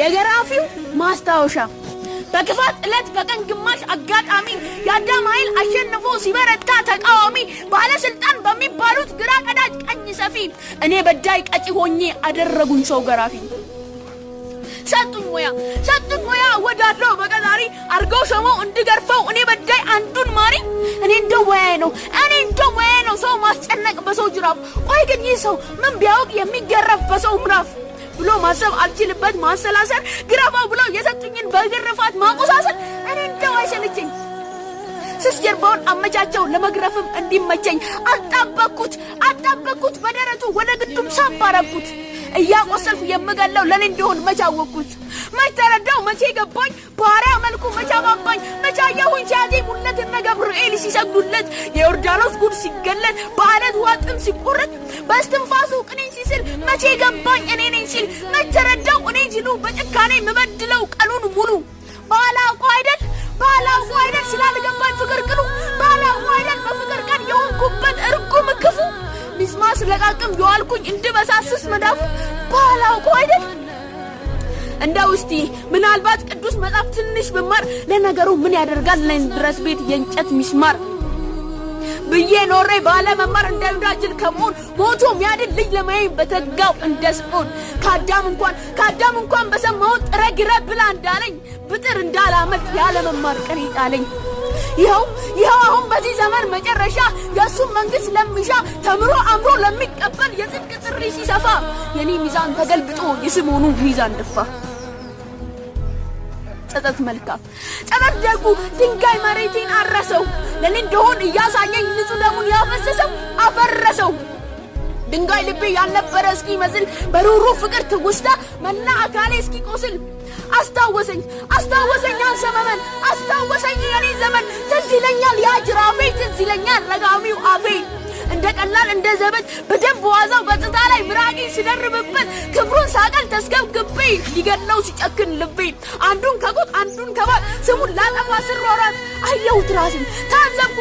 የገራፊው ማስታወሻ በክፋት ዕለት በቀን ግማሽ አጋጣሚ የአዳም ኃይል አሸንፎ ሲበረታ ተቃዋሚ ባለስልጣን በሚባሉት ግራ ቀዳጅ ቀኝ ሰፊ እኔ በዳይ ቀጪ ሆኜ አደረጉኝ ሰው ገራፊ። ሰጡኝ ሙያ ሰጡኝ ሙያ ወዳለው በቀጣሪ አርገው ሸሞ እንድገርፈው እኔ በዳይ አንዱን ማሪ እኔ እንደ ወያይ ነው እኔ እንደ ወያይ ነው ሰው ማስጨነቅ በሰው ጅራፍ። ቆይ ግን ይህ ሰው ምን ቢያውቅ የሚገረፍ በሰው ምራፍ ብሎ ማሰብ አልችልበት ማሰላሰል ግረፋው ብሎ የሰጡኝን በግርፋት ማቆሳሰል እኔ እንደው አይሰልችኝ። ስስ ጀርባውን አመቻቸው ለመግረፍም እንዲመቸኝ አጣበቅኩት አጣበቅኩት በደረቱ ወደ ግዱም ሳባረኩት እያቆሰልኩ የምገለው ለእኔ እንዲሆን መቻወቅኩት መች ተረዳው መቼ ገባኝ ባሪያ መልኩ መቻባ ሲሰግዱለት፣ የዮርዳኖስ ጉድ ሲገለጥ፣ በአለት ውሃ ጥም ሲቆረጥ፣ በስትንፋሱ ቅኔን ሲስል፣ መቼ ገባኝ እኔ ነኝ ሲል፣ መቼ እኔ ሲሉ፣ በጭካኔ የምበድለው ቀኑን ሙሉ ባላውቁ አይደል ባላውቁ አይደል ስላልገባኝ ፍቅር ቅሉ ባላውቁ አይደል በፍቅር ቀን የሆንኩበት እርጉም ክፉ ሚስማስ ለቃቅም የዋልኩኝ እንድበሳስስ መዳፉ ባላውቁ አይደል እንደው እስቲ ምናልባት ቅዱስ መጽሐፍ ትንሽ ብማር ለነገሩ ምን ያደርጋል ድረስ ቤት የእንጨት ሚስማር ብዬ ኖሬ ባለመማር እንዳይዳጅል ከመሆን ሞቶ ሚያድን ልጅ ለማየኝ በተጋው እንደ ስኦን ከአዳም እንኳን ከአዳም እንኳን በሰማሁት ጥረ ግረ ብላ እንዳለኝ ብጥር እንዳላመልጥ ያለመማር ቀን ይጣለኝ። ይኸው ይኸው አሁን በዚህ ዘመን መጨረሻ የእሱን መንግሥት ለሚሻ ተምሮ አምሮ ለሚቀበል የጽድቅ ጥሪ ሲሰፋ የኔ ሚዛን ተገልብጦ የስምዖኑ ሚዛን ደፋ። ጸጸት መልካም፣ ጸጸት ደጉ ድንጋይ መሬቴን አረሰው፣ ለኔ እንደሆን እያሳየኝ ንጹሕ ደሙን ያፈሰሰው አፈረሰው። ድንጋይ ልቤ ያልነበረ እስኪ መስል በሩሩ ፍቅር ትውስታ መና አካሌ እስኪ ቆስል አስታወሰኝ አስታወሰኝ አንሰ መመን አስታወሰኝ የኔ ዘመን። ትዝ ይለኛል ያ ጅራፌ፣ ትዝ ይለኛል ረጋሚው አፌ እንደቀላል እንደ ዘበች በደንብ በዋዛው ገጽታ ላይ ምራቂን ሲደርብበት ክብሩን ሳቀል ተስገብግቤ ሊገድለው ሲጨክን ልቤ አንዱን ከጎጥ አንዱን ከባል ስሙን ላጠፋ ስሮራት አየሁት ራሴን ታዘብኩ።